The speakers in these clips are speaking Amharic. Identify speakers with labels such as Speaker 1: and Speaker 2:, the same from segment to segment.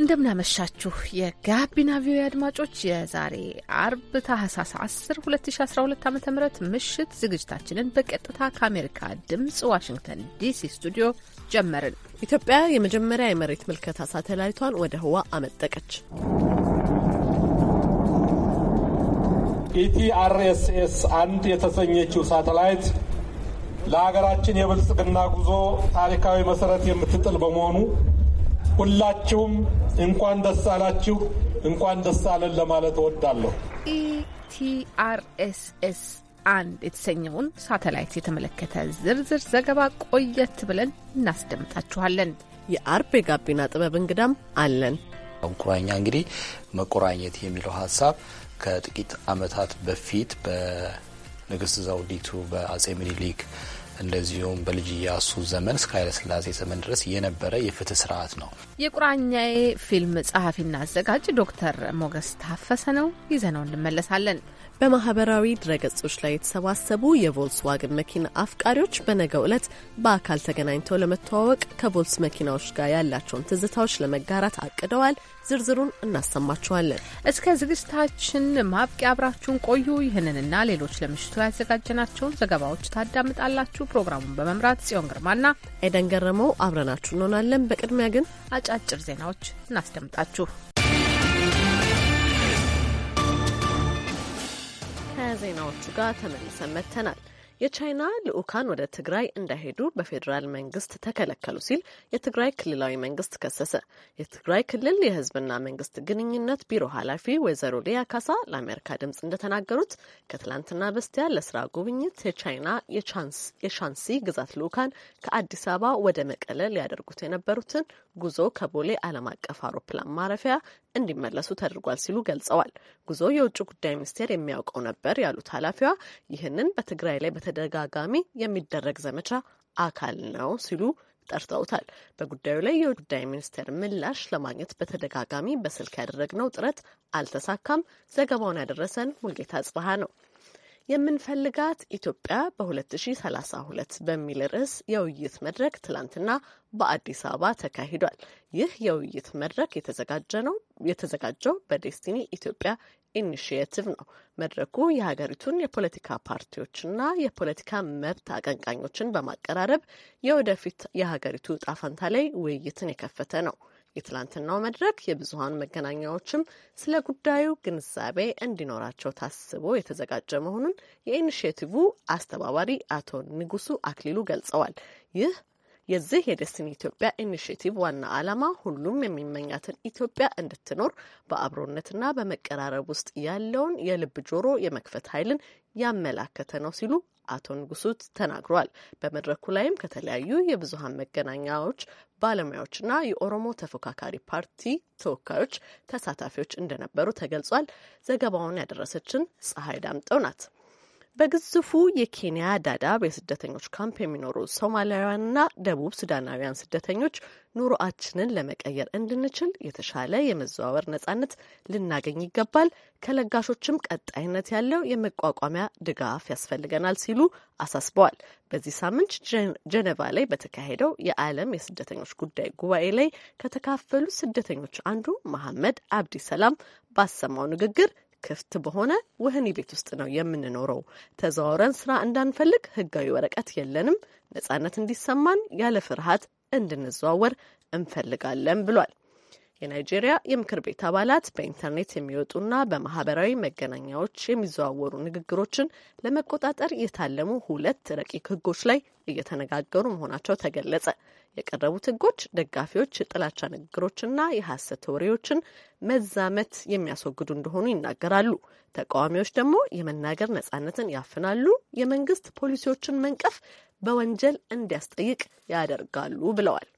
Speaker 1: እንደምናመሻችሁ የጋቢና ቪዮ አድማጮች የዛሬ አርብ ታህሳስ 10 2012 ዓ ም ምሽት ዝግጅታችንን በቀጥታ ከአሜሪካ
Speaker 2: ድምፅ ዋሽንግተን ዲሲ ስቱዲዮ ጀመርን። ኢትዮጵያ የመጀመሪያ የመሬት ምልከታ ሳተላይቷን ወደ ህዋ አመጠቀች።
Speaker 3: ኢቲአርኤስኤስ አንድ የተሰኘችው ሳተላይት ለሀገራችን የብልጽግና ጉዞ ታሪካዊ መሰረት የምትጥል በመሆኑ ሁላችሁም እንኳን ደስ አላችሁ፣ እንኳን ደስ አለን ለማለት እወዳለሁ።
Speaker 1: ኢቲአርኤስኤስ አንድ የተሰኘውን ሳተላይት የተመለከተ ዝርዝር ዘገባ ቆየት ብለን እናስደምጣችኋለን። የአርብ የጋቢና ጥበብ እንግዳም
Speaker 4: አለን። ቁራኛ እንግዲህ መቆራኘት የሚለው ሀሳብ ከጥቂት ዓመታት በፊት በንግስት ዘውዲቱ በአጼ ምኒልክ እንደዚሁም በልጅ እያሱ ዘመን እስከ ኃይለስላሴ ዘመን ድረስ የነበረ የፍትህ ስርዓት ነው።
Speaker 1: የቁራኛዬ ፊልም ጸሐፊና አዘጋጅ ዶክተር ሞገስ ታፈሰ ነው። ይዘነው እንመለሳለን።
Speaker 2: በማህበራዊ ድረገጾች ላይ የተሰባሰቡ የቮልስዋግን መኪና አፍቃሪዎች በነገው ዕለት በአካል ተገናኝተው ለመተዋወቅ ከቮልስ መኪናዎች ጋር ያላቸውን ትዝታዎች ለመጋራት አቅደዋል። ዝርዝሩን እናሰማችኋለን። እስከ ዝግጅታችን ማብቂያ አብራችሁን
Speaker 1: ቆዩ። ይህንንና ሌሎች ለምሽቱ ያዘጋጀናቸውን ዘገባዎች ታዳምጣላችሁ። ፕሮግራሙን በመምራት ጽዮን ግርማና ኤደን ገረመው አብረናችሁ እንሆናለን። በቅድሚያ ግን አጫጭር ዜናዎች እናስደምጣችሁ።
Speaker 2: ዜናዎቹ ጋር ተመልሰን መጥተናል። የቻይና ልዑካን ወደ ትግራይ እንዳይሄዱ በፌዴራል መንግስት ተከለከሉ ሲል የትግራይ ክልላዊ መንግስት ከሰሰ። የትግራይ ክልል የህዝብና መንግስት ግንኙነት ቢሮ ኃላፊ ወይዘሮ ሊያ ካሳ ለአሜሪካ ድምጽ እንደተናገሩት ከትላንትና በስቲያ ለስራ ጉብኝት የቻይና የሻንሲ ግዛት ልዑካን ከአዲስ አበባ ወደ መቀለ ሊያደርጉት የነበሩትን ጉዞ ከቦሌ ዓለም አቀፍ አውሮፕላን ማረፊያ እንዲመለሱ ተደርጓል ሲሉ ገልጸዋል። ጉዞ የውጭ ጉዳይ ሚኒስቴር የሚያውቀው ነበር ያሉት ኃላፊዋ ይህንን በትግራይ ላይ በተደጋጋሚ የሚደረግ ዘመቻ አካል ነው ሲሉ ጠርተውታል። በጉዳዩ ላይ የውጭ ጉዳይ ሚኒስቴር ምላሽ ለማግኘት በተደጋጋሚ በስልክ ያደረግነው ጥረት አልተሳካም። ዘገባውን ያደረሰን ሙልጌታ ጽብሃ ነው። የምንፈልጋት ኢትዮጵያ በ2032 በሚል ርዕስ የውይይት መድረክ ትላንትና በአዲስ አበባ ተካሂዷል። ይህ የውይይት መድረክ የተዘጋጀ ነው የተዘጋጀው በዴስቲኒ ኢትዮጵያ ኢኒሽየቲቭ ነው። መድረኩ የሀገሪቱን የፖለቲካ ፓርቲዎችና የፖለቲካ መብት አቀንቃኞችን በማቀራረብ የወደፊት የሀገሪቱ ጣፈንታ ላይ ውይይትን የከፈተ ነው። የትላንትናው መድረክ የብዙሀን መገናኛዎችም ስለ ጉዳዩ ግንዛቤ እንዲኖራቸው ታስቦ የተዘጋጀ መሆኑን የኢኒሽቲቭ አስተባባሪ አቶ ንጉሱ አክሊሉ ገልጸዋል። ይህ የዚህ የደስቲኒ ኢትዮጵያ ኢኒሽቲቭ ዋና ዓላማ ሁሉም የሚመኛትን ኢትዮጵያ እንድትኖር በአብሮነትና በመቀራረብ ውስጥ ያለውን የልብ ጆሮ የመክፈት ኃይልን ያመላከተ ነው ሲሉ አቶ ንጉሱት ተናግሯል። በመድረኩ ላይም ከተለያዩ የብዙሀን መገናኛዎች ባለሙያዎችና የኦሮሞ ተፎካካሪ ፓርቲ ተወካዮች ተሳታፊዎች እንደነበሩ ተገልጿል። ዘገባውን ያደረሰችን ፀሐይ ዳምጠው ናት። በግዙፉ የኬንያ ዳዳብ የስደተኞች ካምፕ የሚኖሩ ሶማሊያውያንና ደቡብ ሱዳናውያን ስደተኞች ኑሮአችንን ለመቀየር እንድንችል የተሻለ የመዘዋወር ነጻነት ልናገኝ ይገባል፣ ከለጋሾችም ቀጣይነት ያለው የመቋቋሚያ ድጋፍ ያስፈልገናል ሲሉ አሳስበዋል። በዚህ ሳምንት ጀኔቫ ላይ በተካሄደው የዓለም የስደተኞች ጉዳይ ጉባኤ ላይ ከተካፈሉ ስደተኞች አንዱ መሐመድ አብዲ ሰላም ባሰማው ንግግር ክፍት በሆነ ወህኒ ቤት ውስጥ ነው የምንኖረው። ተዘዋውረን ስራ እንዳንፈልግ ህጋዊ ወረቀት የለንም። ነጻነት እንዲሰማን ያለ ፍርሃት እንድንዘዋወር እንፈልጋለን ብሏል። የናይጄሪያ የምክር ቤት አባላት በኢንተርኔት የሚወጡና በማህበራዊ መገናኛዎች የሚዘዋወሩ ንግግሮችን ለመቆጣጠር የታለሙ ሁለት ረቂቅ ህጎች ላይ እየተነጋገሩ መሆናቸው ተገለጸ። የቀረቡት ህጎች ደጋፊዎች የጥላቻ ንግግሮችና የሐሰት ወሬዎችን መዛመት የሚያስወግዱ እንደሆኑ ይናገራሉ። ተቃዋሚዎች ደግሞ የመናገር ነጻነትን ያፍናሉ፣ የመንግስት ፖሊሲዎችን መንቀፍ በወንጀል እንዲያስጠይቅ ያደርጋሉ ብለዋል።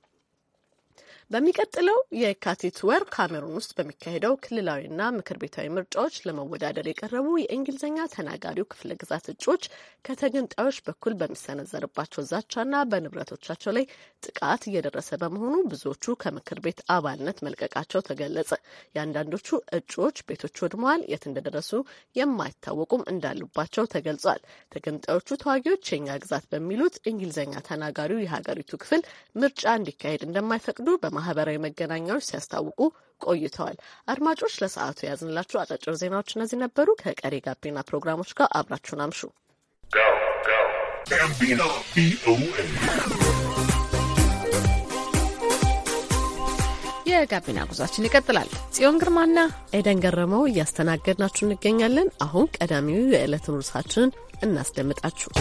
Speaker 2: በሚቀጥለው የካቲት ወር ካሜሩን ውስጥ በሚካሄደው ክልላዊና ምክር ቤታዊ ምርጫዎች ለመወዳደር የቀረቡ የእንግሊዝኛ ተናጋሪው ክፍለ ግዛት እጩዎች ከተገንጣዮች በኩል በሚሰነዘርባቸው ዛቻና በንብረቶቻቸው ላይ ጥቃት እየደረሰ በመሆኑ ብዙዎቹ ከምክር ቤት አባልነት መልቀቃቸው ተገለጸ። የአንዳንዶቹ እጩዎች ቤቶች ወድመዋል፣ የት እንደደረሱ የማይታወቁም እንዳሉባቸው ተገልጿል። ተገንጣዮቹ ተዋጊዎች የኛ ግዛት በሚሉት እንግሊዝኛ ተናጋሪው የሀገሪቱ ክፍል ምርጫ እንዲካሄድ እንደማይፈቅዱ በማ ማህበራዊ መገናኛዎች ሲያስታውቁ ቆይተዋል። አድማጮች ለሰዓቱ የያዝንላችሁ አጫጭር ዜናዎች እነዚህ ነበሩ። ከቀሪ ጋቢና ፕሮግራሞች ጋር አብራችሁን አምሹ። የጋቢና ጉዟችን ይቀጥላል። ጽዮን ግርማና ኤደን ገረመው እያስተናገድናችሁ እንገኛለን። አሁን ቀዳሚው የዕለት ርዕሳችንን እናስደምጣችሁ።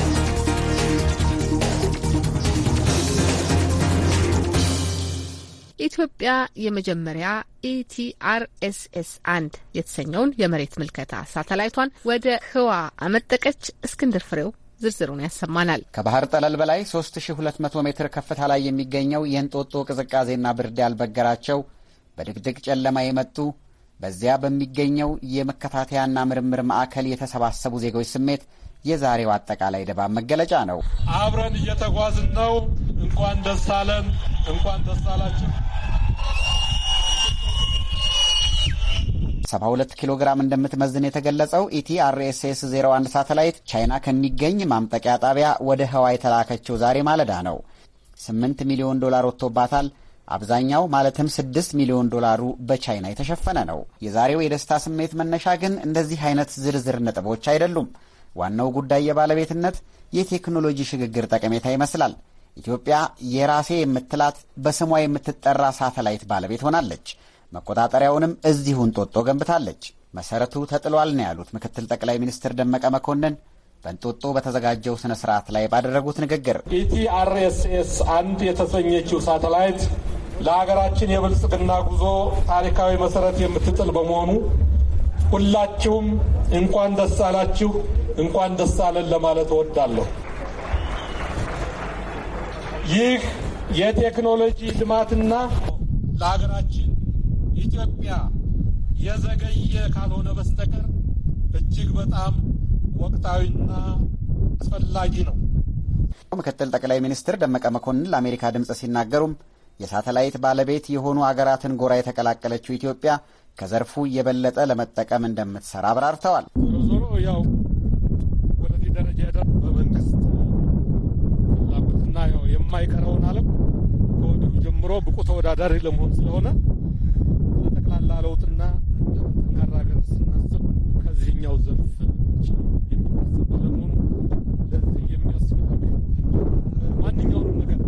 Speaker 1: ኢትዮጵያ የመጀመሪያ ኢቲአርኤስኤስ አንድ የተሰኘውን የመሬት ምልከታ ሳተላይቷን ወደ ህዋ አመጠቀች። እስክንድር ፍሬው ዝርዝሩን ያሰማናል። ከባህር ጠለል በላይ
Speaker 5: 3200 ሜትር ከፍታ ላይ የሚገኘው የእንጦጦ ቅዝቃዜና ብርድ ያልበገራቸው በድቅድቅ ጨለማ የመጡ በዚያ በሚገኘው የመከታተያና ምርምር ማዕከል የተሰባሰቡ ዜጎች ስሜት የዛሬው አጠቃላይ ድባብ መገለጫ ነው።
Speaker 3: አብረን እየተጓዝን ነው። እንኳን ደስ አለን፣ እንኳን ደስ አላችሁ።
Speaker 5: 72 ኪሎ ግራም እንደምትመዝን የተገለጸው ኢቲ 01 ሳተላይት ቻይና ከሚገኝ ማምጠቂያ ጣቢያ ወደ ህዋ የተላከችው ዛሬ ማለዳ ነው። 8 ሚሊዮን ዶላር ወጥቶባታል። አብዛኛው ማለትም 6 ሚሊዮን ዶላሩ በቻይና የተሸፈነ ነው። የዛሬው የደስታ ስሜት መነሻ ግን እንደዚህ አይነት ዝርዝር ነጥቦች አይደሉም። ዋናው ጉዳይ የባለቤትነት የቴክኖሎጂ ሽግግር ጠቀሜታ ይመስላል። ኢትዮጵያ የራሴ የምትላት በስሟ የምትጠራ ሳተላይት ባለቤት ሆናለች። መቆጣጠሪያውንም እዚሁ እንጦጦ ገንብታለች። መሰረቱ ተጥሏል ነው ያሉት ምክትል ጠቅላይ ሚኒስትር ደመቀ መኮንን በእንጦጦ በተዘጋጀው ስነ ስርዓት ላይ ባደረጉት ንግግር
Speaker 3: ኢቲአርኤስኤስ አንድ የተሰኘችው ሳተላይት ለሀገራችን የብልጽግና ጉዞ ታሪካዊ መሰረት የምትጥል በመሆኑ ሁላችሁም እንኳን ደስ አላችሁ፣ እንኳን ደስ አለን ለማለት እወዳለሁ። ይህ የቴክኖሎጂ ልማትና ለሀገራችን ኢትዮጵያ የዘገየ ካልሆነ በስተቀር እጅግ በጣም ወቅታዊና አስፈላጊ ነው።
Speaker 5: ምክትል ጠቅላይ ሚኒስትር ደመቀ መኮንን ለአሜሪካ ድምፅ ሲናገሩም የሳተላይት ባለቤት የሆኑ አገራትን ጎራ የተቀላቀለችው ኢትዮጵያ ከዘርፉ የበለጠ ለመጠቀም እንደምትሰራ አብራርተዋል።
Speaker 3: ዞሮ ዞሮ ያው ወደዚህ ደረጃ በመንግስት የማይቀረውን ዓለም ከወዲሁ ጀምሮ ብቁ ተወዳዳሪ ለመሆን ስለሆነ ለጠቅላላ ለውጥና ጠንካራ ሀገር ስናስብ ከዚህኛው ዘርፍ የሚታሰብ ለመሆኑ ለዚህ የሚያስፈልግ ማንኛውንም ነገር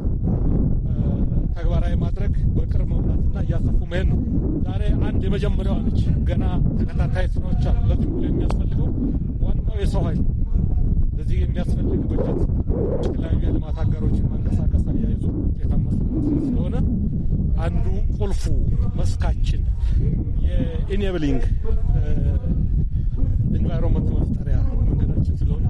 Speaker 3: ተግባራዊ ማድረግ በቅርብ መምራትና እያሰፉ መሄድ ነው። ዛሬ አንድ የመጀመሪያዋ ነች። ገና ተከታታይ ስራዎች አሉ። ለዚህ ሁሉ የሚያስፈልገው ዋናው የሰው ኃይል ለዚህ የሚያስፈልግ በጀት የተለያዩ የልማት አጋሮችን ማንቀሳቀስ አያይዞ ውጤታማ ስለሆነ አንዱ ቁልፉ መስካችን የኢኔብሊንግ መፍጠሪያ መንገዳችን ስለሆነ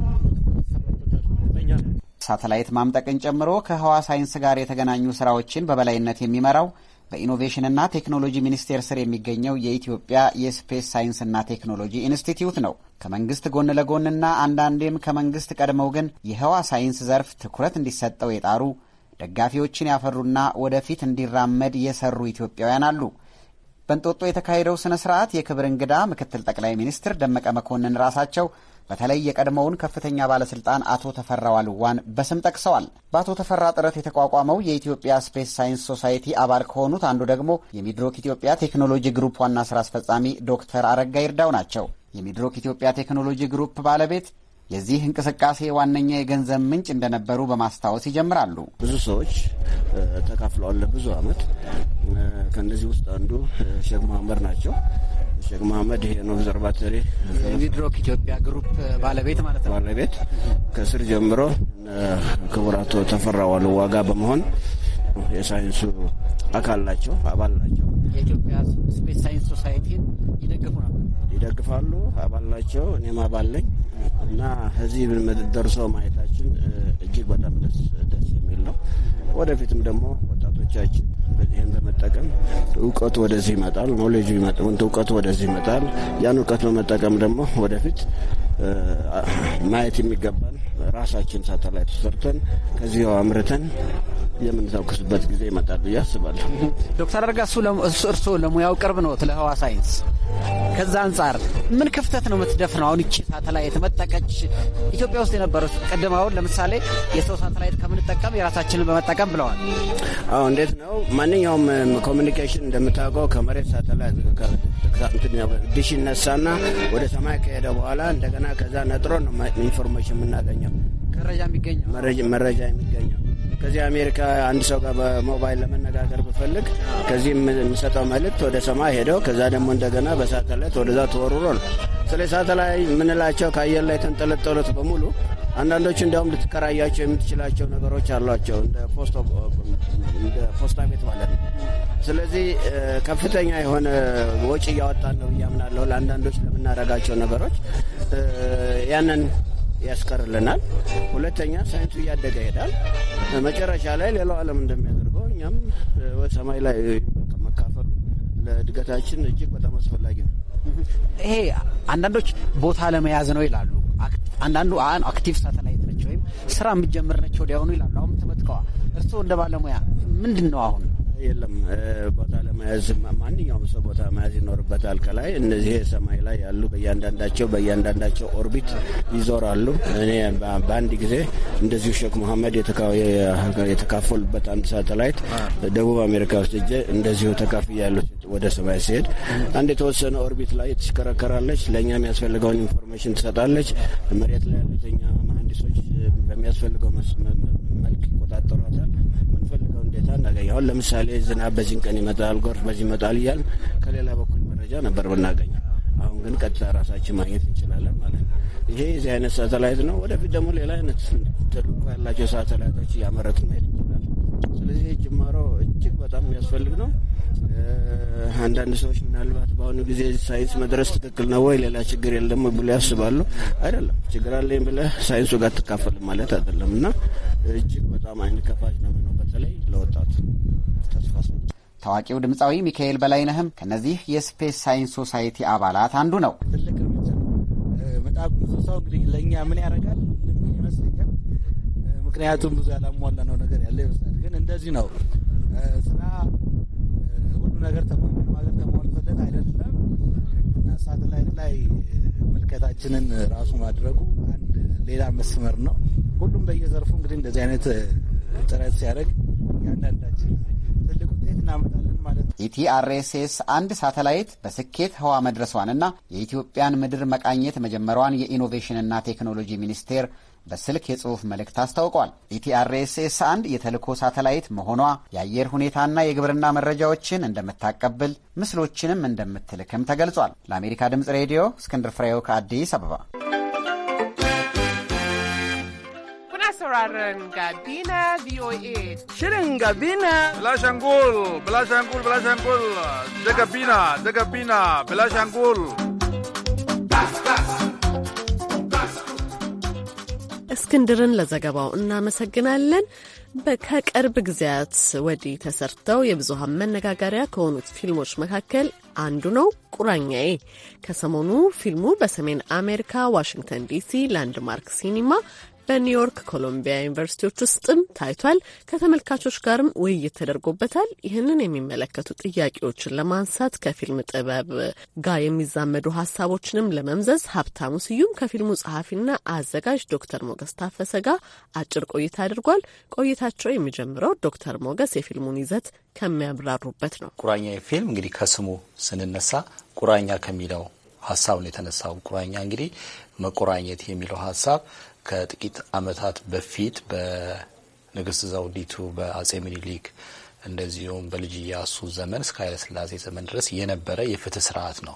Speaker 5: ሳተላይት ማምጠቅን ጨምሮ ከህዋ ሳይንስ ጋር የተገናኙ ስራዎችን በበላይነት የሚመራው በኢኖቬሽንና ቴክኖሎጂ ሚኒስቴር ስር የሚገኘው የኢትዮጵያ የስፔስ ሳይንስና ቴክኖሎጂ ኢንስቲትዩት ነው። ከመንግስት ጎን ለጎንና አንዳንዴም ከመንግስት ቀድመው ግን የህዋ ሳይንስ ዘርፍ ትኩረት እንዲሰጠው የጣሩ ደጋፊዎችን ያፈሩና ወደፊት እንዲራመድ የሰሩ ኢትዮጵያውያን አሉ። በእንጦጦ የተካሄደው ስነ ስርዓት የክብር እንግዳ ምክትል ጠቅላይ ሚኒስትር ደመቀ መኮንን ራሳቸው በተለይ የቀድሞውን ከፍተኛ ባለስልጣን አቶ ተፈራ ዋልዋን በስም ጠቅሰዋል። በአቶ ተፈራ ጥረት የተቋቋመው የኢትዮጵያ ስፔስ ሳይንስ ሶሳይቲ አባል ከሆኑት አንዱ ደግሞ የሚድሮክ ኢትዮጵያ ቴክኖሎጂ ግሩፕ ዋና ስራ አስፈጻሚ ዶክተር አረጋ ይርዳው ናቸው። የሚድሮክ ኢትዮጵያ ቴክኖሎጂ ግሩፕ ባለቤት የዚህ እንቅስቃሴ ዋነኛ የገንዘብ ምንጭ እንደነበሩ በማስታወስ ይጀምራሉ።
Speaker 6: ብዙ ሰዎች ተካፍለዋል ለብዙ አመት ከእነዚህ ውስጥ አንዱ ሼክ መሀመድ ናቸው። ሼክ መሀመድ ይሄን ኦብዘርቫቶሪ ሚድሮክ ኢትዮጵያ ግሩፕ ባለቤት ማለት ነው ባለቤት ከስር ጀምሮ ክቡር አቶ ተፈራ በመሆን የሳይንሱ አካል ናቸው፣ አባል ናቸው። የኢትዮጵያ ስፔስ ሳይንስ ሶሳይቲን ይደግፉ ነበር። ይደግፋሉ። አባል ናቸው። እኔም አባል ነኝ እና እዚህ ደርሰው ማየታችን እጅግ በጣም ደስ ደስ የሚል ነው። ወደፊትም ደግሞ ወጣቶቻችን ይህን በመጠቀም እውቀቱ ወደዚህ ይመጣል፣ ኖሌጁ እውቀቱ ወደዚህ ይመጣል። ያን እውቀት በመጠቀም ደግሞ ወደፊት ማየት የሚገባን ራሳችን ሳተላይት ሰርተን ከዚያው አምርተን የምንተኩስበት ጊዜ ይመጣል ብዬ አስባለሁ። ዶክተር አደርጋ እርስዎ ለሙያው
Speaker 5: ቅርብ ነው ለህዋ ሳይንስ። ከዛ አንጻር ምን ክፍተት ነው የምትደፍነው? አሁን ይቺ ሳተላይት መጠቀች ኢትዮጵያ ውስጥ የነበረው ቅድም አሁን ለምሳሌ የሰው ሳተላይት
Speaker 6: ከምንጠቀም የራሳችንን በመጠቀም ብለዋል። አዎ እንዴት ነው ማንኛውም ኮሚኒኬሽን እንደምታውቀው ከመሬት ሳተላይት ዲሽ ይነሳና ወደ ሰማይ ከሄደ በኋላ እንደገና ከዛ ነጥሮ ነው ኢንፎርሜሽን የምናገኘው
Speaker 5: መረጃ የሚገኘው መረጃ
Speaker 6: የሚገኘው ከዚህ አሜሪካ አንድ ሰው ጋር በሞባይል ለመነጋገር ብፈልግ ከዚህ የምሰጠው መልእክት ወደ ሰማይ ሄደው ከዛ ደግሞ እንደገና በሳተላይት ወደዛ ተወርሮ ነው። ስለ ሳተላይት የምንላቸው ከአየር ላይ የተንጠለጠሉት በሙሉ አንዳንዶቹ እንዲያውም ልትከራያቸው የምትችላቸው ነገሮች አሏቸው እንደ ፖስት ፖስታ ቤት ማለት ነው። ስለዚህ ከፍተኛ የሆነ ወጪ እያወጣን ነው ብያምናለሁ። ለአንዳንዶች ለምናደርጋቸው ነገሮች ያንን ያስቀርልናል። ሁለተኛ ሳይንሱ እያደገ ይሄዳል። መጨረሻ ላይ ሌላው ዓለም እንደሚያደርገው እኛም ሰማይ ላይ መካፈሉ ለእድገታችን እጅግ በጣም አስፈላጊ ነው።
Speaker 5: ይሄ አንዳንዶች ቦታ ለመያዝ ነው ይላሉ። አንዳንዱ አክቲቭ ሳተላይት ነች ወይም ስራ የምትጀምር ነች ወዲያውኑ ይላሉ። አሁን ትመጥቀዋ እርስዎ እንደ ባለሙያ
Speaker 6: ምንድን ነው አሁን የለም ቦታ ለመያዝ ማንኛውም ሰው ቦታ መያዝ ይኖርበታል። ከላይ እነዚህ ሰማይ ላይ ያሉ በእያንዳንዳቸው በእያንዳንዳቸው ኦርቢት ይዞራሉ። እኔ በአንድ ጊዜ እንደዚሁ ሼክ መሐመድ የተካፈሉበት አንድ ሳተላይት ደቡብ አሜሪካ ውስጥ እጄ እንደዚሁ ተካፍ ያሉ ወደ ሰማይ ሲሄድ አንድ የተወሰነ ኦርቢት ላይ ትሽከረከራለች። ለእኛ የሚያስፈልገውን ኢንፎርሜሽን ትሰጣለች። መሬት ላይ ያሉት እኛ መሀንዲሶች በሚያስፈልገው ይቆጣጠሯታል። ምንፈልገው እንዴታ እናገኝ። አሁን ለምሳሌ ዝናብ በዚህን ቀን ይመጣል፣ ጎርፍ በዚህ ይመጣል እያል ከሌላ በኩል መረጃ ነበር ብናገኝ። አሁን ግን ቀጥታ ራሳችን ማግኘት እንችላለን ማለት ነው። ይሄ የዚህ አይነት ሳተላይት ነው። ወደፊት ደግሞ ሌላ አይነት ተልእኮ ያላቸው ሳተላይቶች እያመረትን መሄድ እንችላለን። ስለዚህ ጅማሮ እጅግ በጣም የሚያስፈልግ ነው። አንዳንድ ሰዎች ምናልባት በአሁኑ ጊዜ ሳይንስ መድረስ ትክክል ነው ወይ ሌላ ችግር የለም ብሎ ያስባሉ። አይደለም ችግር አለኝ ብለህ ሳይንሱ ጋር ትካፈል ማለት አይደለም እና እጅግ በጣም አይን ከፋች ነው ነው በተለይ ለወጣቱ ተስፋ
Speaker 5: ታዋቂው ድምፃዊ ሚካኤል በላይነህም ከነዚህ የስፔስ ሳይንስ ሶሳይቲ አባላት አንዱ ነው።
Speaker 4: ትልቅ እርምጃ በጣም ብዙ ሰው እንግዲህ ለእኛ ምን ያደርጋል ይመስለኛል። ምክንያቱም ብዙ ያላሟላ ነው ነገር ያለ ይመስላል። ግን እንደዚህ ነው ስራ ነገር ተማንም ተሟልቶለት አይደለም እና ሳተላይት ላይ ምልከታችንን ራሱ ማድረጉ አንድ ሌላ መስመር ነው። ሁሉም በየዘርፉ እንግዲህ እንደዚህ አይነት ጥረት ሲያደርግ እያንዳንዳችን ትልቅ ውጤት እናመጣለን ማለት ነው።
Speaker 5: ኢቲአርኤስኤስ አንድ ሳተላይት በስኬት ህዋ መድረሷንና የኢትዮጵያን ምድር መቃኘት መጀመሯን የኢኖቬሽንና ቴክኖሎጂ ሚኒስቴር በስልክ የጽሑፍ መልእክት አስታውቋል። ኢቲአርኤስኤስ አንድ የተልእኮ ሳተላይት መሆኗ የአየር ሁኔታና የግብርና መረጃዎችን እንደምታቀብል ምስሎችንም እንደምትልክም ተገልጿል። ለአሜሪካ ድምፅ ሬዲዮ እስክንድር ፍሬው ከአዲስ አበባ።
Speaker 1: sauraron Gabina VOA.
Speaker 3: Shirin Gabina. Gabina, Gabina,
Speaker 2: እስክንድርን ለዘገባው እናመሰግናለን። ከቅርብ ጊዜያት ወዲህ ተሰርተው የብዙሃን መነጋገሪያ ከሆኑት ፊልሞች መካከል አንዱ ነው ቁራኛዬ። ከሰሞኑ ፊልሙ በሰሜን አሜሪካ ዋሽንግተን ዲሲ ላንድማርክ ሲኒማ በኒውዮርክ ኮሎምቢያ ዩኒቨርሲቲዎች ውስጥም ታይቷል። ከተመልካቾች ጋርም ውይይት ተደርጎበታል። ይህንን የሚመለከቱ ጥያቄዎችን ለማንሳት ከፊልም ጥበብ ጋር የሚዛመዱ ሀሳቦችንም ለመምዘዝ ሀብታሙ ስዩም ከፊልሙ ጸሐፊና አዘጋጅ ዶክተር ሞገስ ታፈሰ ጋር አጭር ቆይታ አድርጓል። ቆይታቸው የሚጀምረው ዶክተር ሞገስ የፊልሙን ይዘት ከሚያብራሩበት ነው።
Speaker 4: ቁራኛ ፊልም እንግዲህ ከስሙ ስንነሳ ቁራኛ ከሚለው ሀሳብ የተነሳው። ቁራኛ እንግዲህ መቆራኘት የሚለው ሀሳብ ከጥቂት ዓመታት በፊት በንግስት ዘውዲቱ በአጼ ምኒልክ እንደዚሁም በልጅ እያሱ ዘመን እስከ ኃይለስላሴ ዘመን ድረስ የነበረ የፍትህ ስርዓት ነው።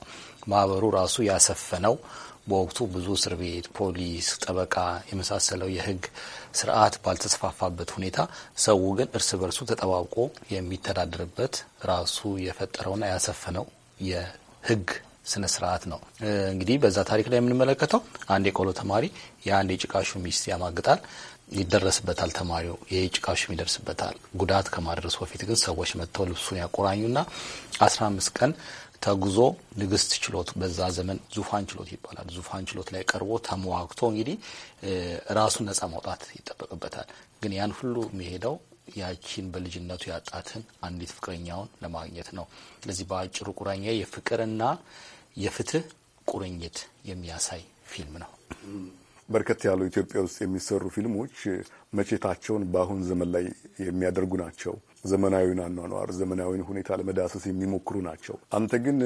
Speaker 4: ማህበሩ ራሱ ያሰፈነው በወቅቱ ብዙ እስር ቤት፣ ፖሊስ፣ ጠበቃ የመሳሰለው የህግ ስርዓት ባልተስፋፋበት ሁኔታ ሰው ግን እርስ በርሱ ተጠባብቆ የሚተዳደርበት ራሱ የፈጠረውና ያሰፈነው የህግ ስነ ስርዓት ነው። እንግዲህ በዛ ታሪክ ላይ የምንመለከተው አንድ የቆሎ ተማሪ የአንድ የጭቃሹ ሚስት ያማግጣል። ይደረስበታል። ተማሪው ይህ ጭቃሹም ይደርስበታል። ጉዳት ከማድረሱ በፊት ግን ሰዎች መጥተው ልብሱን ያቆራኙና አስራ አምስት ቀን ተጉዞ ንግስት ችሎት በዛ ዘመን ዙፋን ችሎት ይባላል። ዙፋን ችሎት ላይ ቀርቦ ተሟግቶ እንግዲህ ራሱን ነጻ ማውጣት ይጠበቅበታል። ግን ያን ሁሉ የሚሄደው ያቺን በልጅነቱ ያጣትን አንዲት ፍቅረኛውን ለማግኘት ነው። ስለዚህ በአጭሩ ቁራኛ የፍቅርና የፍትህ ቁርኝት የሚያሳይ ፊልም ነው።
Speaker 7: በርከት ያሉ ኢትዮጵያ ውስጥ የሚሰሩ ፊልሞች መቼታቸውን በአሁን ዘመን ላይ የሚያደርጉ ናቸው። ዘመናዊን አኗኗር ዘመናዊን ሁኔታ ለመዳሰስ የሚሞክሩ ናቸው። አንተ ግን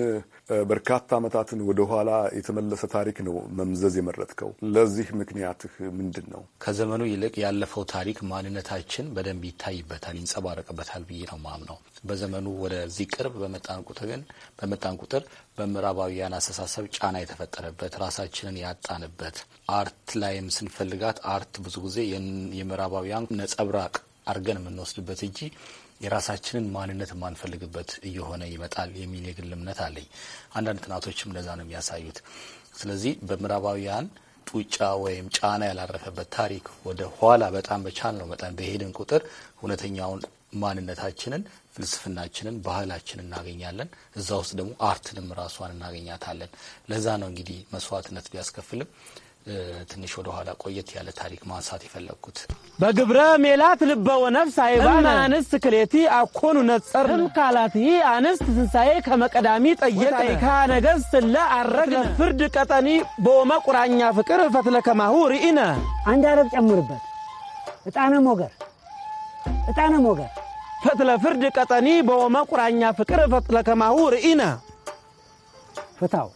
Speaker 7: በርካታ ዓመታትን ወደኋላ የተመለሰ ታሪክ ነው መምዘዝ የመረጥከው። ለዚህ ምክንያትህ ምንድን ነው?
Speaker 4: ከዘመኑ ይልቅ ያለፈው ታሪክ ማንነታችን በደንብ ይታይበታል፣ ይንጸባረቅበታል ብዬ ነው ማምነው። በዘመኑ ወደዚህ ቅርብ በመጣን ቁጥር ግን በመጣን ቁጥር በምዕራባዊያን አስተሳሰብ ጫና የተፈጠረበት ራሳችንን ያጣንበት አርት ላይም ስንፈልጋት አርት ብዙ ጊዜ የምዕራባውያን ነጸብራቅ አድርገን የምንወስድበት እንጂ የራሳችንን ማንነት የማንፈልግበት እየሆነ ይመጣል የሚል የግል እምነት አለኝ። አንዳንድ ጥናቶችም እንደዛ ነው የሚያሳዩት። ስለዚህ በምዕራባውያን ጡጫ ወይም ጫና ያላረፈበት ታሪክ ወደ ኋላ በጣም በቻልነው መጠን በሄድን ቁጥር እውነተኛውን ማንነታችንን፣ ፍልስፍናችንን፣ ባህላችንን እናገኛለን። እዛ ውስጥ ደግሞ አርትንም ራሷን እናገኛታለን። ለዛ ነው እንግዲህ መስዋዕትነት ቢያስከፍልም ትንሽ ወደ ኋላ ቆየት ያለ ታሪክ ማንሳት የፈለግኩት
Speaker 6: በግብረ ሜላት ልበወ ነፍስ አይባን አንስት ክሌቲ አኮኑ ነጸር ካላት ይ አንስት ትንሣኤ ከመቀዳሚ ጠየቀ ይካ ነገሥት ለ አረግ ፍርድ ቀጠኒ በወመ ቁራኛ ፍቅር ፈትለ ከማሁ ርኢነ አንድ አረብ ጨምርበት
Speaker 8: እጣነ ሞገር
Speaker 6: እጣነ ሞገር ፈትለ ፍርድ ቀጠኒ በወመ ቁራኛ ፍቅር ፈትለ ከማሁ ርኢነ
Speaker 7: ፍታው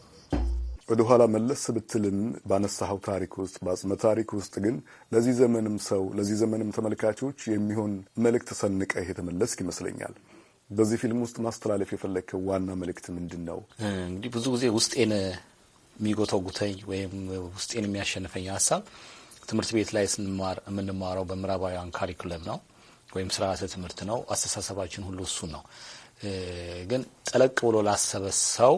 Speaker 7: ወደ ኋላ መለስ ብትልን ባነሳኸው ታሪክ ውስጥ በአጽመ ታሪክ ውስጥ ግን ለዚህ ዘመንም ሰው ለዚህ ዘመንም ተመልካቾች የሚሆን መልእክት ሰንቀህ የተመለስክ ይመስለኛል። በዚህ ፊልም ውስጥ ማስተላለፍ የፈለግከው ዋና መልእክት ምንድን ነው? እንግዲህ ብዙ ጊዜ ውስጤን የሚጎተጉተኝ ወይም ውስጤን የሚያሸንፈኝ
Speaker 4: ሀሳብ ትምህርት ቤት ላይ ስንማር የምንማረው በምዕራባውያን ካሪኩለም ነው ወይም ስርዓተ ትምህርት ነው። አስተሳሰባችን ሁሉ እሱ ነው። ግን ጠለቅ ብሎ ላሰበ ሰው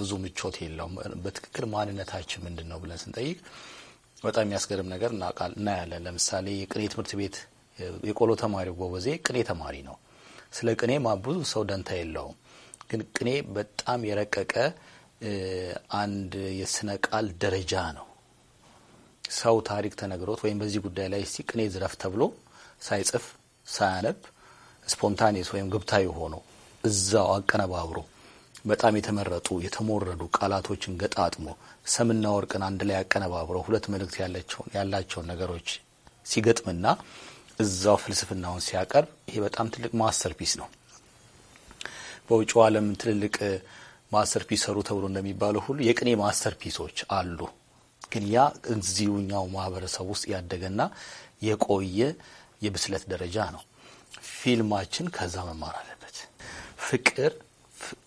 Speaker 4: ብዙ ምቾት የለውም። በትክክል ማንነታችን ምንድን ነው ብለን ስንጠይቅ በጣም የሚያስገርም ነገር እናያለን። ለምሳሌ የቅኔ ትምህርት ቤት የቆሎ ተማሪው ጎበዜ ቅኔ ተማሪ ነው። ስለ ቅኔ ብዙ ሰው ደንታ የለውም። ግን ቅኔ በጣም የረቀቀ አንድ የስነ ቃል ደረጃ ነው። ሰው ታሪክ ተነግሮት ወይም በዚህ ጉዳይ ላይ እስቲ ቅኔ ዝረፍ ተብሎ ሳይጽፍ ሳያነብ ስፖንታኔስ ወይም ግብታዊ ሆኖ እዛው አቀነባብሮ በጣም የተመረጡ የተሞረዱ ቃላቶችን ገጣጥሞ ሰምና ወርቅን አንድ ላይ አቀነባብሮ ሁለት መልእክት ያላቸውን ነገሮች ሲገጥምና እዛው ፍልስፍናውን ሲያቀርብ ይሄ በጣም ትልቅ ማስተር ፒስ ነው። በውጭው ዓለም ትልልቅ ማስተርፒስ ሰሩ ተብሎ እንደሚባለው ሁሉ የቅኔ ማስተርፒሶች አሉ። ግን ያ እዚሁኛው ማህበረሰብ ውስጥ ያደገና የቆየ የብስለት ደረጃ ነው። ፊልማችን ከዛ መማር አለበት። ፍቅር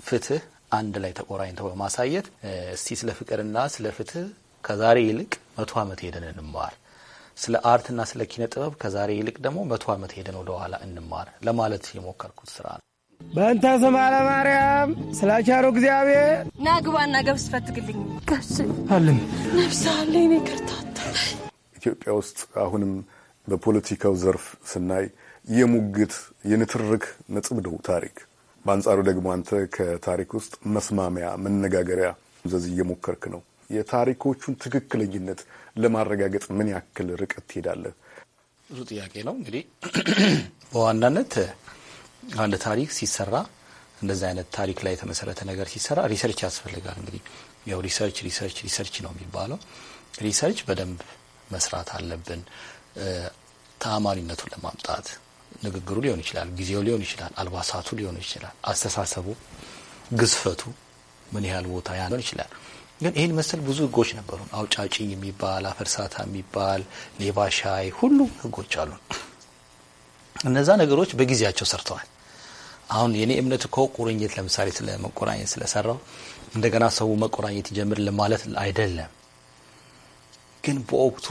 Speaker 4: ፍትህ አንድ ላይ ተቆራኝተው በማሳየት እስቲ ስለ ፍቅርና ስለ ፍትህ ከዛሬ ይልቅ መቶ ዓመት ሄደን እንማር፣ ስለ አርትና ስለ ኪነ ጥበብ ከዛሬ ይልቅ ደግሞ መቶ ዓመት ሄደን ወደኋላ እንማር ለማለት የሞከርኩት ስራ ነው።
Speaker 6: በእንተ ስማ ለማርያም ስላቻሩ
Speaker 9: እግዚአብሔር
Speaker 8: ናግባና ገብስ ፈትግልኝ ገብስ አለም ነብሳለኝ ከርታታ
Speaker 7: ኢትዮጵያ ውስጥ አሁንም በፖለቲካው ዘርፍ ስናይ የሙግት የንትርክ መጽብደው ታሪክ በአንጻሩ ደግሞ አንተ ከታሪክ ውስጥ መስማሚያ መነጋገሪያ ዘዝ እየሞከርክ ነው። የታሪኮቹን ትክክለኝነት ለማረጋገጥ ምን ያክል ርቀት ትሄዳለህ?
Speaker 4: ብዙ ጥያቄ ነው። እንግዲህ በዋናነት አንድ ታሪክ ሲሰራ እንደዚህ አይነት ታሪክ ላይ የተመሰረተ ነገር ሲሰራ ሪሰርች ያስፈልጋል። እንግዲህ ያው ሪሰርች ሪሰርች ሪሰርች ነው የሚባለው። ሪሰርች በደንብ መስራት አለብን ተአማኒነቱን ለማምጣት ንግግሩ ሊሆን ይችላል፣ ጊዜው ሊሆን ይችላል፣ አልባሳቱ ሊሆን ይችላል፣ አስተሳሰቡ፣ ግዝፈቱ ምን ያህል ቦታ ሊሆን ይችላል። ግን ይህን መሰል ብዙ ህጎች ነበሩ። አውጫጭ የሚባል አፈርሳታ የሚባል ሌባ ሻይ፣ ሁሉም ህጎች አሉ። እነዛ ነገሮች በጊዜያቸው ሰርተዋል። አሁን የኔ እምነት እኮ ቁርኝት ለምሳሌ ስለ መቆራኘት ስለሰራው እንደገና ሰው መቆራኘት ይጀምር ለማለት አይደለም። ግን በወቅቱ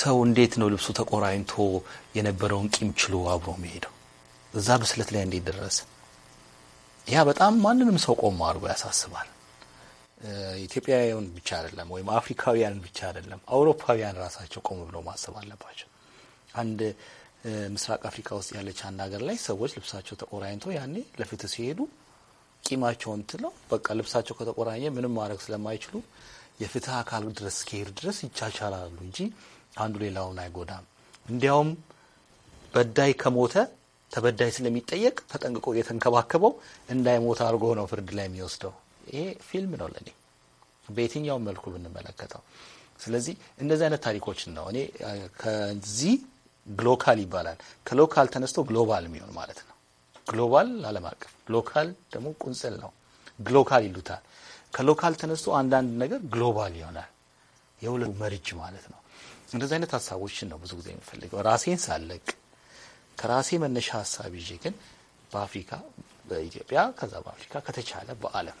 Speaker 4: ሰው እንዴት ነው ልብሱ ተቆራኝቶ የነበረውን ቂም ችሎ አብሮ መሄደው? እዛ ብስለት ላይ እንዴት ደረሰ? ያ በጣም ማንንም ሰው ቆም አድርጎ ያሳስባል። ኢትዮጵያውያን ብቻ አይደለም፣ ወይም አፍሪካውያን ብቻ አይደለም፣ አውሮፓውያን ራሳቸው ቆም ብለው ማሰብ አለባቸው። አንድ ምስራቅ አፍሪካ ውስጥ ያለች አንድ ሀገር ላይ ሰዎች ልብሳቸው ተቆራኝቶ ያኔ ለፍትህ ሲሄዱ ቂማቸውን ትለው በቃ ልብሳቸው ከተቆራኘ ምንም ማድረግ ስለማይችሉ የፍትህ አካል ድረስ እስኪሄድ ድረስ ይቻቻላሉ እንጂ አንዱ ሌላውን አይጎዳም። እንዲያውም በዳይ ከሞተ ተበዳይ ስለሚጠየቅ ተጠንቅቆ እየተንከባከበው እንዳይሞት አድርጎ ነው ፍርድ ላይ የሚወስደው። ይሄ ፊልም ነው ለኔ በየትኛውም መልኩ ብንመለከተው። ስለዚህ እንደዚህ አይነት ታሪኮችን ነው እኔ ከዚህ ግሎካል ይባላል ከሎካል ተነስቶ ግሎባል የሚሆን ማለት ነው። ግሎባል ዓለም አቀፍ፣ ሎካል ደግሞ ቁንጽል ነው። ግሎካል ይሉታል። ከሎካል ተነስቶ አንዳንድ ነገር ግሎባል ይሆናል። የሁለቱ መርጅ ማለት ነው። እንደዚህ አይነት ሀሳቦችን ነው ብዙ ጊዜ የሚፈልገው። ራሴን ሳለቅ ከራሴ መነሻ ሀሳብ ይዤ ግን በአፍሪካ በኢትዮጵያ ከዛ በአፍሪካ ከተቻለ በዓለም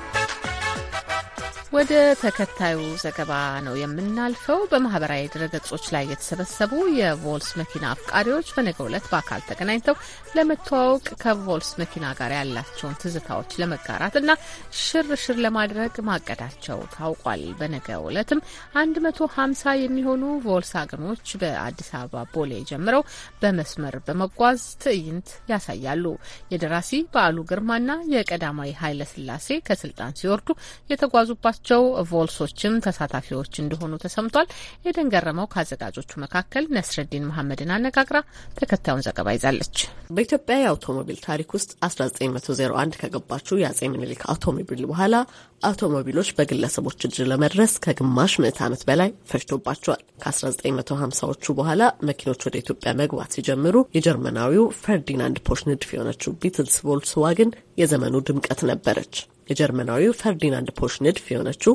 Speaker 1: ወደ ተከታዩ ዘገባ ነው የምናልፈው። በማህበራዊ ድረገጾች ላይ የተሰበሰቡ የቮልስ መኪና አፍቃሪዎች በነገው ዕለት በአካል ተገናኝተው ለመተዋወቅ ከቮልስ መኪና ጋር ያላቸውን ትዝታዎች ለመጋራት እና ሽርሽር ለማድረግ ማቀዳቸው ታውቋል። በነገው ዕለትም 150 የሚሆኑ ቮልስ አገኖች በአዲስ አበባ ቦሌ ጀምረው በመስመር በመጓዝ ትዕይንት ያሳያሉ። የደራሲ በዓሉ ግርማና የቀዳማዊ ስላሴ ከስልጣን ሲወርዱ የተጓዙባቸው ያላቸው ቮልሶችም ተሳታፊዎች እንደሆኑ ተሰምቷል። ኤደን ገረመው ከአዘጋጆቹ መካከል ነስረዲን
Speaker 2: መሐመድን አነጋግራ ተከታዩን ዘገባ ይዛለች። በኢትዮጵያ የአውቶሞቢል ታሪክ ውስጥ 1901 ከገባችው የአጼ ምኒልክ አውቶሞቢል በኋላ አውቶሞቢሎች በግለሰቦች እጅ ለመድረስ ከግማሽ ምዕት ዓመት በላይ ፈጅቶባቸዋል። ከ1950ዎቹ በኋላ መኪኖች ወደ ኢትዮጵያ መግባት ሲጀምሩ የጀርመናዊው ፈርዲናንድ ፖሽ ንድፍ የሆነችው ቢትልስ ቮልክስዋግን የዘመኑ ድምቀት ነበረች። የጀርመናዊው ፈርዲናንድ ፖሽ ንድፍ የሆነችው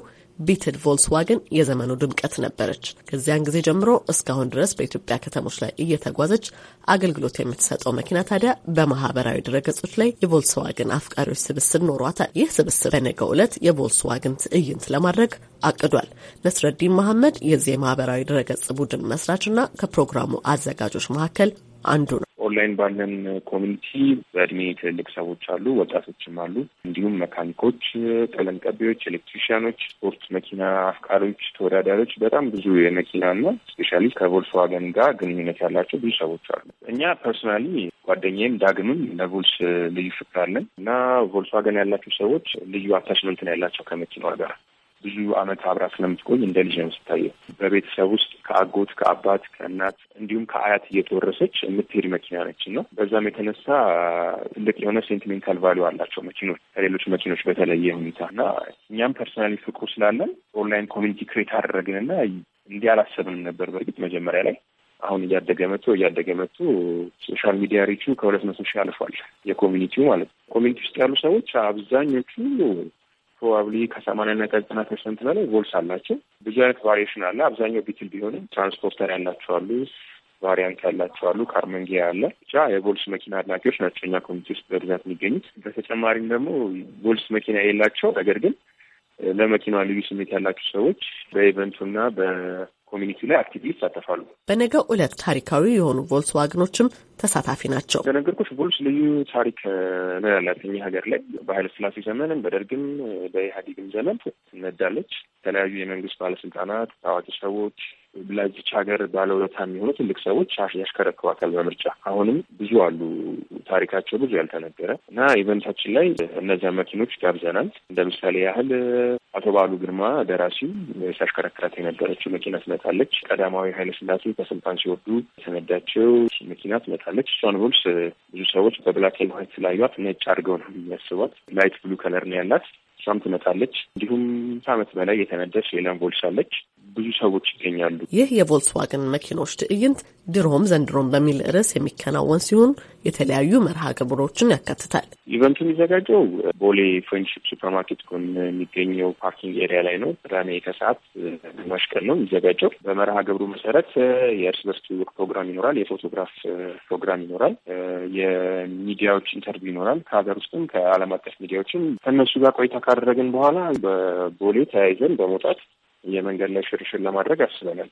Speaker 2: ቢትል ቮልስዋገን የዘመኑ ድምቀት ነበረች። ከዚያን ጊዜ ጀምሮ እስካሁን ድረስ በኢትዮጵያ ከተሞች ላይ እየተጓዘች አገልግሎት የምትሰጠው መኪና ታዲያ በማህበራዊ ድረገጾች ላይ የቮልስዋገን አፍቃሪዎች ስብስብ ኖሯታል። ይህ ስብስብ በነገው ዕለት የቮልስዋገን ትዕይንት ለማድረግ አቅዷል። ነስረዲን መሐመድ የዚህ የማህበራዊ ድረገጽ ቡድን መስራችና ከፕሮግራሙ አዘጋጆች መካከል
Speaker 9: አንዱ ነው። ኦንላይን ባለን ኮሚኒቲ በእድሜ ትልልቅ ሰዎች አሉ፣ ወጣቶችም አሉ። እንዲሁም መካኒኮች፣ ቀለም ቀቢዎች፣ ኤሌክትሪሽያኖች፣ ስፖርት መኪና አፍቃሪዎች፣ ተወዳዳሪዎች በጣም ብዙ የመኪናና ስፔሻሊ ከቮልስዋገን ጋር ግንኙነት ያላቸው ብዙ ሰዎች አሉ። እኛ ፐርሶናሊ ጓደኛዬም ዳግምም ለቮልስ ልዩ ፍቅር አለን እና ቮልስዋገን ያላቸው ሰዎች ልዩ ነው ያላቸው ከመኪናዋ ጋር ብዙ አመት አብራ ስለምትቆይ እንደ ልጅ ነው ስታየ በቤተሰብ ውስጥ ከአጎት ከአባት፣ ከእናት እንዲሁም ከአያት እየተወረሰች የምትሄድ መኪና ነች ነው በዛም የተነሳ ትልቅ የሆነ ሴንቲሜንታል ቫሉ አላቸው መኪኖች ከሌሎች መኪኖች በተለየ ሁኔታ እና እኛም ፐርሶናሊ ፍቅሩ ስላለን ኦንላይን ኮሚኒቲ ክሬት ና እንዲህ አላሰብንም ነበር በእርግጥ መጀመሪያ ላይ አሁን እያደገ መጥቶ እያደገ መጥቶ ሶሻል ሚዲያ ሪቹ ከሁለት መቶ ሺህ አልፏል። የኮሚኒቲው ማለት ነው። ኮሚኒቲ ውስጥ ያሉ ሰዎች አብዛኞቹ ፕሮባብሊ ከሰማንያና ከዘጠና ፐርሰንት በላይ ቮልስ አላቸው። ብዙ አይነት ቫሪዬሽን አለ። አብዛኛው ቢትል ቢሆንም ትራንስፖርተር ያላቸዋሉ ቫሪያንት ያላቸዋሉ አሉ፣ ካርመንጊያ ያለ ብቻ የቮልስ መኪና አድናቂዎች ናቸው እኛ ኮሚቴ ውስጥ በብዛት የሚገኙት። በተጨማሪም ደግሞ ቮልስ መኪና የሌላቸው ነገር ግን ለመኪናዋ ልዩ ስሜት ያላቸው ሰዎች በኢቨንቱና ኮሚኒቲ ላይ አክቲቭሊ ይሳተፋሉ።
Speaker 2: በነገ ዕለት ታሪካዊ የሆኑ ቮልስዋግኖችም ተሳታፊ ናቸው።
Speaker 9: እንደነገርኩሽ ቮልስ ልዩ ታሪክ ነው ያላት እኛ ሀገር ላይ በኃይለ ሥላሴ ዘመንም በደርግም በኢህአዴግም ዘመን ትነዳለች። የተለያዩ የመንግስት ባለስልጣናት፣ ታዋቂ ሰዎች ለዚች ሀገር ባለውለታ የሚሆኑ ትልቅ ሰዎች ያሽከረክሯታል በምርጫ። አሁንም ብዙ አሉ፣ ታሪካቸው ብዙ ያልተነገረ እና ኢቨንታችን ላይ እነዚያ መኪኖች ጋብዘናል። እንደ ምሳሌ ያህል አቶ ባሉ ግርማ ደራሲው ሲያሽከረክራት የነበረችው መኪና ትመጣለች። ቀዳማዊ ሀይለ ስላሴ ከስልጣን ሲወርዱ የተነዳቸው መኪና ትመጣለች። እሷን ቦልስ ብዙ ሰዎች በብላክ ኤንድ ዋይት ስላዩት ነጭ አድርገው ነው የሚያስቧት። ላይት ብሉ ከለር ነው ያላት። እሷም ትመጣለች። እንዲሁም ከአመት በላይ የተነዳች ሌላም ቦልስ አለች። ብዙ ሰዎች ይገኛሉ።
Speaker 2: ይህ የቮልስዋገን መኪኖች ትዕይንት ድሮም ዘንድሮም በሚል ርዕስ የሚከናወን ሲሆን የተለያዩ መርሃ ግብሮችን ያካትታል።
Speaker 9: ኢቨንቱ የሚዘጋጀው ቦሌ ፍሬንድሽፕ ሱፐርማርኬት ጎን የሚገኘው ፓርኪንግ ኤሪያ ላይ ነው። ቅዳሜ ከሰዓት ግማሽ ቀን ነው የሚዘጋጀው። በመርሃ ግብሩ መሰረት የእርስ በርስ ትውውቅ ፕሮግራም ይኖራል። የፎቶግራፍ ፕሮግራም ይኖራል። የሚዲያዎች ኢንተርቪው ይኖራል። ከሀገር ውስጥም ከዓለም አቀፍ ሚዲያዎችም ከእነሱ ጋር ቆይታ ካደረግን በኋላ በቦሌ ተያይዘን በመውጣት የመንገድ ላይ ሽርሽር ለማድረግ አስበናል።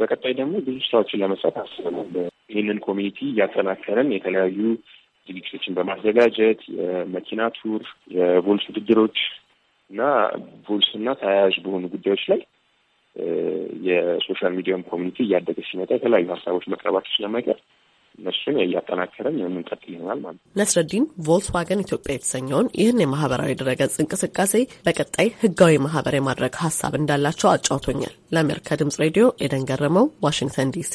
Speaker 9: በቀጣይ ደግሞ ብዙ ስራዎችን ለመስራት አስበናል። ይህንን ኮሚኒቲ እያጠናከረን የተለያዩ ዝግጅቶችን በማዘጋጀት የመኪና ቱር፣ የቮልስ ውድድሮች እና ቮልስ እና ተያያዥ በሆኑ ጉዳዮች ላይ የሶሻል ሚዲያም ኮሚኒቲ እያደገ ሲመጣ የተለያዩ ሀሳቦች መቅረባቸው ስለማይቀር እነሱን እያጠናከረን የምንቀጥል ይሆናል ማለት
Speaker 2: ነው። ነስረዲን ቮልስዋገን ኢትዮጵያ የተሰኘውን ይህን የማህበራዊ ድረገጽ እንቅስቃሴ በቀጣይ ህጋዊ ማህበር የማድረግ ሀሳብ እንዳላቸው አጫውቶኛል። ለአሜሪካ ድምጽ ሬዲዮ ኤደን ገረመው፣ ዋሽንግተን ዲሲ።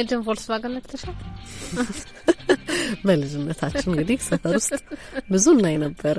Speaker 1: ኤደን ቮልስዋገን ነክተሻል።
Speaker 2: በልጅነታችን እንግዲህ ሰፈር ውስጥ ብዙ እናይ ነበረ።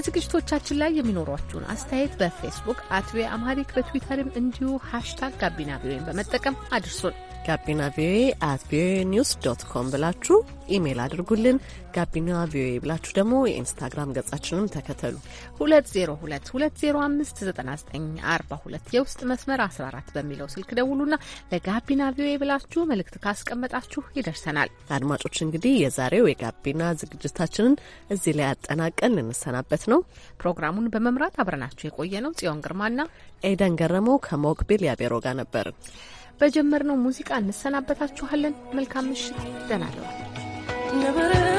Speaker 1: በዝግጅቶቻችን ላይ የሚኖሯችሁን አስተያየት በፌስቡክ አት ቪኦኤ በትዊተርም እንዲሁ ሃሽታግ
Speaker 2: ጋቢና ቪኦኤን በመጠቀም አድርሱን። ጋቢና ቪኦኤ አት ቪኦኤ ኒውስ ዶት ኮም ብላችሁ ኢሜይል አድርጉልን። ጋቢና ቪኦኤ ብላችሁ ደግሞ የኢንስታግራም ገጻችንም ተከተሉ።
Speaker 1: 2022059942 የውስጥ መስመር 14 በሚለው
Speaker 2: ስልክ ደውሉና ለጋቢና ቪኦኤ ብላችሁ መልእክት ካስቀመጣችሁ ይደርሰናል። አድማጮች እንግዲህ የዛሬው የጋቢና ዝግጅታችንን እዚህ ላይ አጠናቀን ልንሰናበት ነው። ፕሮግራሙን በመምራት አብረናችሁ የቆየ ነው ጽዮን ግርማና ኤደን ገረመው ከሞቅቢል ያቤሮ ጋር ነበርን።
Speaker 1: በጀመርነው ሙዚቃ እንሰናበታችኋለን። መልካም ምሽት፣ ደህና እደሩ።